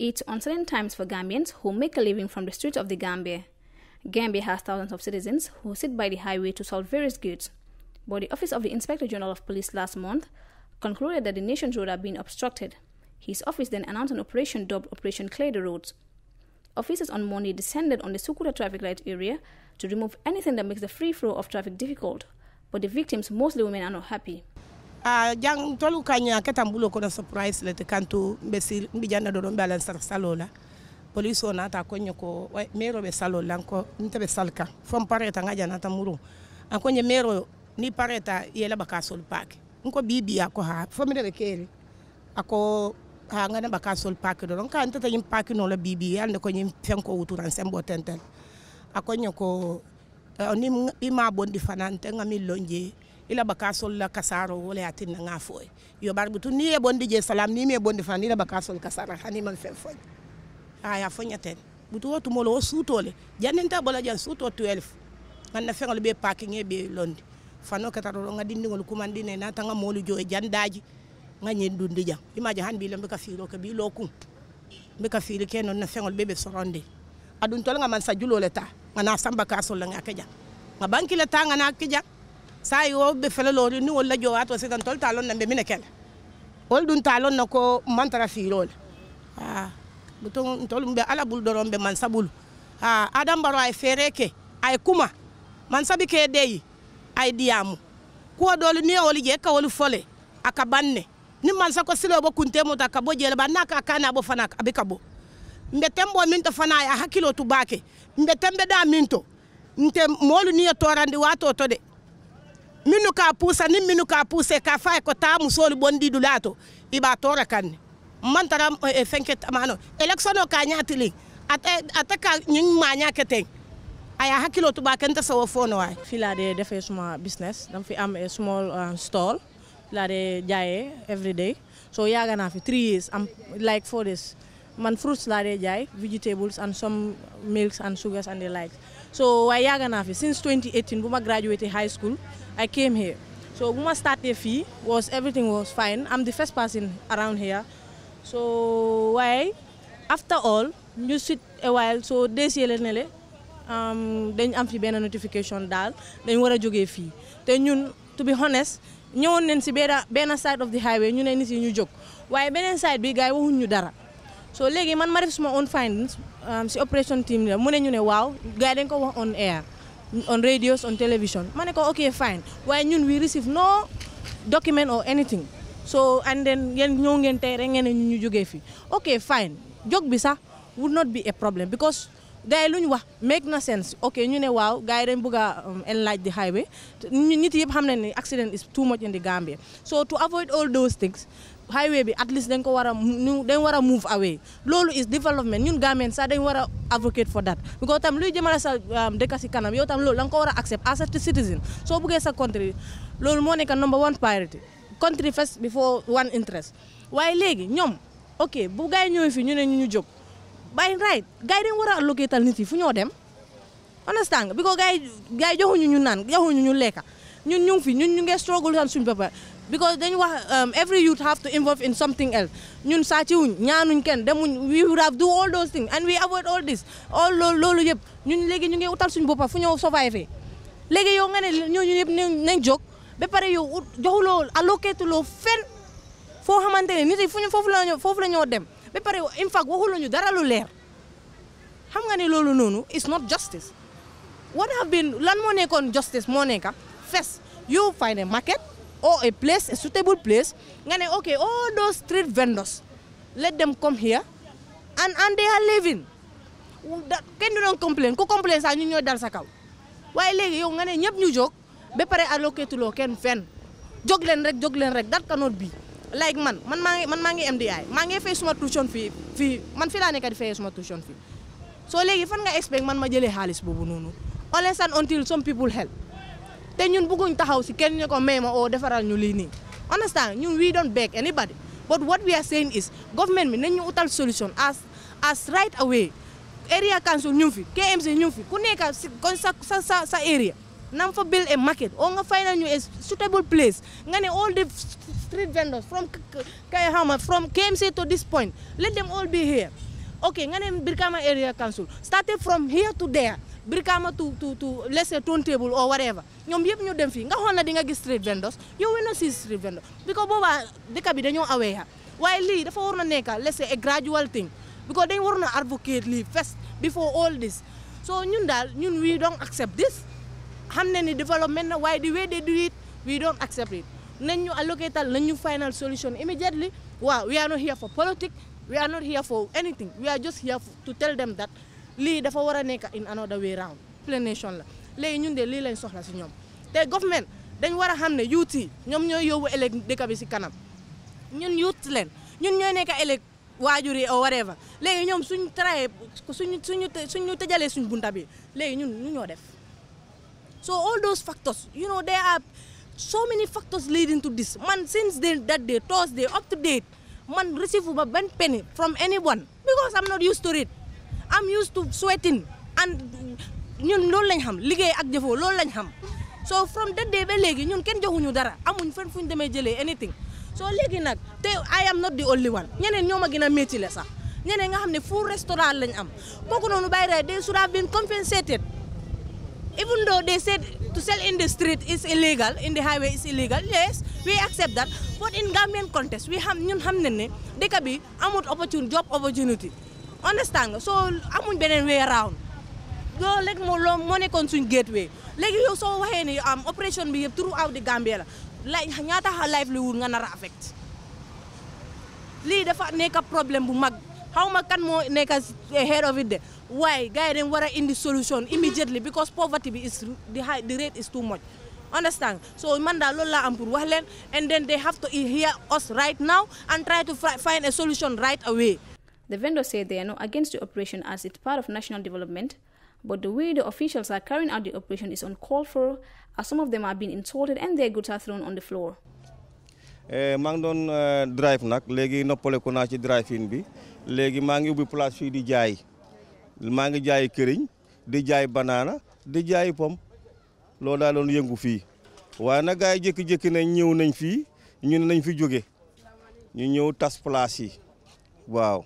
It's uncertain times for Gambians who make a living from the streets of the Gambia. Gambia has thousands of citizens who sit by the highway to sell various goods. But the Office of the Inspector General of Police last month concluded that the nation's roads are being obstructed. His office then announced an operation dubbed Operation Clear the Roads. Officers on Monday descended on the Sukuta traffic light area to remove anything that makes the free flow of traffic difficult, but the victims, mostly women, are not happy. a ah, jang tolu ka ɲa kɛ tan bulo kono surprise le te kanto n be si n bijanna dodo n be alan sara ko ɲe ko be salo nko n te be pareta n ka janata muru a ko ni pareta yela ka sol pake n ko bibi a ha fo mine be keeri ha n ka ne ba doro n ka n tete ɲin bibi yali ne ko ɲin fen ko tentel a ko ɲe ni i ma bondi fana n te n ila baka sol la kasaro wala atin nga foy yo barbu tu niye e bondi je salam ni me bondi fan ila baka sol kasara hani man fe foy aya fonya ten butu wotu molo o sutole ta bola jan suto 12 man na fengol be parking e be londi fano kata ro nga dindi ngol kumandi ne na tanga molu joy e jandaji nga nyen dundi jam imaji han bi lambe ka firo ka bi loku be ka firi ke non na fengol be be sorondi adun tol nga man sa julole ta nga na samba ka sol nga keja nga banki le ta nga na keja sayi wo ɓe felelori ni wolla jowa to sitan tol talon nan ɓe mine kele wol ɗum talon na ko mantara firole a buton tolum ɓe ala ɓul ɗoron ɓe man saɓulu a adam baro ay fereke ay kuma man saɓi ke deyi ay ɗiyamu kuwa ɗolu ni woli je ka woli fole aka banne ni man sa ko silo bo kunte muta ka bo jele ba naka kana bo fana abi ka bo mbe tembo min to fana ya hakilo tubake mbe tembe da min to nte molu ni torandi wato to de minnu ka puusa niŋ minnu ka puuse ka fo a ye ko taa musoolu bondi dulaa to i be a kaŋ ne man tara eh, fenke tamano électiono ka ñaati liŋ ate eh, ka ñiŋ maañaa ke teŋ a ye hakkiloo tuba ke nte sewo fo no waaye laa de defee suma business dama fi am a eh, small stall fii laa de jaayee every day so yaaga naa fi three years am like four days man fruits laa de jaay vegetables and some milks and sugars and the like So I since 2018, when I graduated high school, I came here. So when I started fee, was everything was fine. I'm the first person around here. So why? After all, you sit a while. So this year, um, then I'm fi bena notification dal. Then wara joge fee. Then you, to be honest, you on si benn side of the highway You ne nit you joke. Why waaye side big guy? yi waxuñ ñu dara so léegi man mari def suma own findings um, si operation team la mu ne ñu ne waaw gars yi ko wax on air on radios on television ma ne ko ok fine waaye ñun wi receive no document or anything so and then yeen ñëw ngeen tey rek ngeen ne ñu jógee fi ok fine jog bi sax would not be a problem because gars yi lu ñu wax make na sense ok ñu ne waaw gars yi dañ bëgg a um, enlarge the highway nit yëpp xam ne ni accident is too much in di Gambia so to avoid all those things highway bi at least dañ ko war a war a move away loolu is development ñun gameen sax dañ war a advocate for that because tam luy jëmale sa um, dëkk si kanam yow tam loolu da nga ko war a accept as a citizen soo buggee sa country loolu moo nekk number one priority country first before one interest waaye léegi ñoom ok bu gars yi ñëwee fii ñu ne ñu ñu jóg by right gars yi dañ war a allocatal nit yi fu ñoo dem understand nga because gars yi gars yi joxuñu ñu naan joxuñu ñu lekka ñun ñu ngi fi ñun ñu ngi struggle tan suñu boppam because dañ wax um, every youth have to involve in something else ñun sàcciwuñ ñaanuñ kenn demuñ we would have do all those things and we avoid loolu yëpp ñun léegi ñu ngi utal suñu boppam fu ñëw survive léegi yow nga ne ñooñu yëpp nañ jóg ba pare yow ut joxuloo allocate loo fenn foo xamante ne nit yi fu ñu foofu la ñoo foofu la ñoo dem ba pare in fact waxuloo ñu dara lu leer xam nga ne loolu noonu it's not justice what have been lan moo nekkoon justice moo nekka first you find a market or a place, a suitable place, and then, okay, all those street vendors, let them come here, and, and they living. Kenn du doon complain ku complain sax ñu ñooy dal sa kaw waaye léegi yow nga ne ñëpp ñu jóg ba pare alloqué tuloo kenn fenn jóg leen rek jóg leen rek dat kanoot bi like man man maa ngi man maa ngi MDI maa ngi fay suma tuition fii fii man fii laa nekk di fayee suma tuition fii soo léegi fan nga expect man ma jëlee xaalis boobu noonu unless and until some people help te ñun bëgguñ taxaw si kenn ñu ko may ma oo defaral ñu lii nii understand ñun we don't beg anybody but what we are saying is government bi nañ ñu utal solution as as right away area council ñu fi KMC ñu fi ku nekk si kon sa sa sa area na fa build a market oo nga fay nañu a suitable place nga ne all the street vendors from kay xama from KMC to this point let them all be here okay nga ne Brikama area council started from here to there Brikama to to to let's say turntable or whatever ñoom yëpp ñu dem fii nga xool na di nga gis street vendors yow we no see street vendors because boobaa dëkk bi dañoo awee ha waaye lii dafa waroon a nekk let's say a gradual thing because dañ waroon a advocate lii first before all this so ñun daal ñun we don't accept this xam ne ni development na waaye the way do it we don't accept it nañ ñu allocatal nañ ñu final solution immediately waaw we are not here for politics we are not here for anything we are just here to tell them that lii dafa war a nekk in another way round explanation la léegi ñun de lii lañ soxla si ñoom te government dañ war a xam ne youth yi ñoom ñooy yóbbu ëllëg dëkk si kanam ñun youth leen ñun ñooy nekk ëllëg waajur yi o whatever léegi ñoom suñu traye suñu suñu suñu tëjalee suñu bunta bi léegi ñun ñu ñoo def so all those factors you know there are so many factors leading to this man since day that day Thursday up to date man receive ma benn penny from anyone because I'm not used to it am used to sweating and ñun loolu lañ xam liggéey ak jëfoo loolu lañ xam so from that day ba léegi ñun kenn joxuñu dara amuñ fenn fuñ demee jëlee anything soo léegi nag te I am not the only one ñeneen ñoo ma gën a métti la sax ñeneen nga xam ne full restaurant lañ am kooku noonu Baye Raye they should have been compensated even though they said to sell in the street is illegal in the highway is illegal yes we accept that but in Gambian context xam ñun xam nañ ne dëkk bi amut opportunity job opportunity understand soo amuñ beneen way around loolu rek moo loo moo nekkoon suñ gateway léegi yow soo waxee ni am um, opération bi yëpp throughout the Gambia la la ñaata wul nga nar a affect lii dafa nekk problème bu mag xaw ma kan moo nekk head of it de waaye gars yi dañ war a indi solution immediately because poverty bi is the high the rate is too much understand so man daal loolu laa am pour wax leen and then they have to hear us right now and try to find a solution right The vendors say they are not against the operation as it's part of national development, but the way the officials are carrying out the operation is uncalled for, as some of them are being insulted and their goods are thrown on the floor. Eh, maa ngi doon eh, drive nak, léegi noppale ko naa ci drive in bi léegi maa ngi ubbi place fii di jaay maa jaay këriñ di jaay banaana di jaay pom loolu daa doon yëngu fii waaye nag gars yi jékki-jékki ñëw nañ fii ñu nañ fi jóge ñu ñëw tas place yi waaw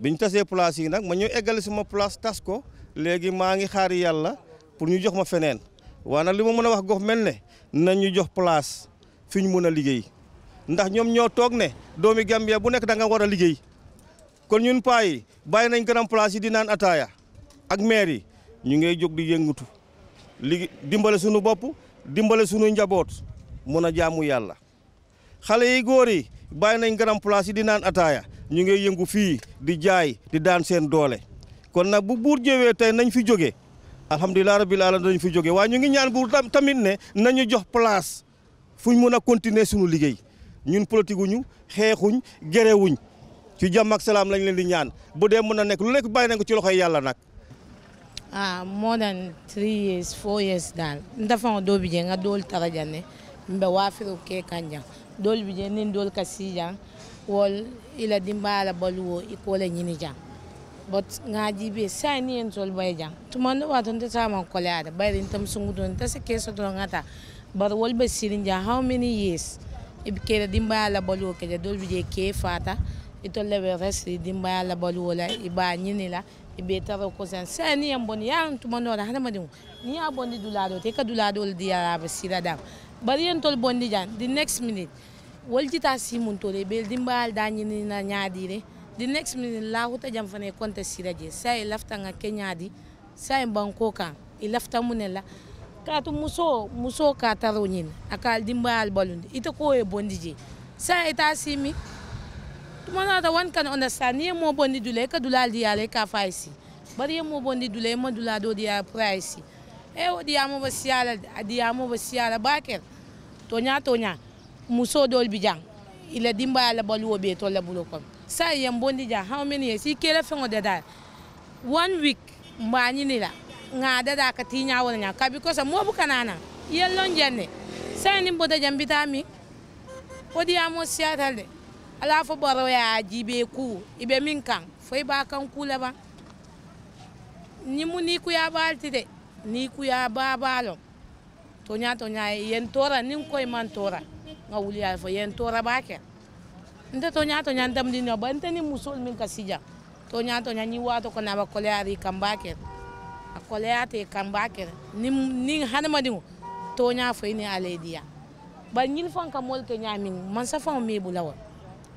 bi ñu tasee place yi nag ma ñoo eggale sama place tas ko léegi maa ngi xaar yàlla pour ñu jox ma feneen waaye nag li ma mën a wax gox mel ne nañ ñu jox place fi ñu mun a liggéey ndax ñoom ñoo toog ne doomi Gambia bu nekk da nga war a liggéey kon ñun paa yi bàyyi nañ grand place yi di naan ataaya ak maire yi ñu ngay jóg di yëngatu li dimbale sunu bopp dimbale sunu njaboot mun a jaamu yàlla xale yi góor bàyyi nañ grand place yi di naan ataaya ñu ngi yëngu fii di jaay di daan seen doole kon nag bu buur ñëwee tey nañ fi jóge alhamdulilah rabbil alamin dañ fi joge waa ñu ngi ñaan buur tamit ne nañu jox place fuñ mun a continuer suñu liggéey ñun politique wuñu xeexuñ gerewuñ ci jàmm ak salaam lañ leen di ñaan bu dee mën a nekk lu nekk bàyyi nañ ko ci loxoy yàlla nag moo ah, more than three years four years daal ndafaŋo doobi jee nga doolu tara janne mbe waafiriw dol bi ni nin dol kasi jang wol ila dimbala baluwo ikole nyini jang but ngaji be sai ni en sol bay jang tumando waton ma ko kole ada bayrin tam sungu don ta se keso don ngata bar wol be sirin ja how many years ib ke la dimbala baluwo ke dol bi je ke fata itolle be resri dimbala baluwo la iba nyini la ibe tara ko sen sai ni en bon yang tumando da hada madin ni abon di dulado te ka dulado di ara be sirada Barian tol bondi jan the next minute waljita simun tole bel dimbal ni na re, the next minute huta jam fane konta siraje say e lafta nga kenyadi say e banko kan ilafta e munela ka tu muso muso ka taro nyin, akal dimbal balunde ite ko e bondije say ita simi mana da wan kan understand ye mo bondi dule ka dulal diale ka faisi bari ye mo bondi dule ma dulado dia price ewo diyamo bo siyala diyamo bo siyala bakel tonya tonya muso dol bijang ila dimba ala balu obi to la bulo kom sa yem bondi ja how many years i kele fengo de da one week mba ni la nga da da ka tinya wala nya ka because mo bu kanana yellon jenne sa ni boda jambita mi o diyamo siyata de ala fo boro ya jibe ku ibe min kan ba kan kula ba ni mu ni ku ya balti de ni kuya babalo tonya tonya yen tora nin koy man tora nga wuli ya fo yen tora ba ke nte tonya tonya ndam di no ba nda ni musul min kasija tonya tonya ni wato ko na ba ko kole ari ba ke a kole ate ba ke ni ni hanama di tonya fo ni ale dia ba nyil fon ka mol ke min man sa fon me lawa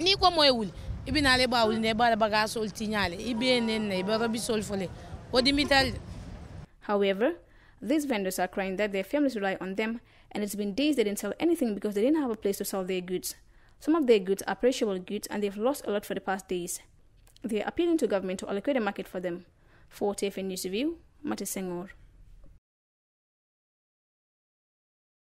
ni ko moy wuli ibina le ba wuli ne ba ba ga sol ti tinyale ibe nen ne ba ba bi sol fo fole o dimital However, these vendors are crying that their families rely on them, and it's been days they didn't sell anything because they didn't have a place to sell their goods. Some of their goods are perishable goods, and they've lost a lot for the past days. They are appealing to government to allocate a market for them. For TFN News Review, Mati Senghor.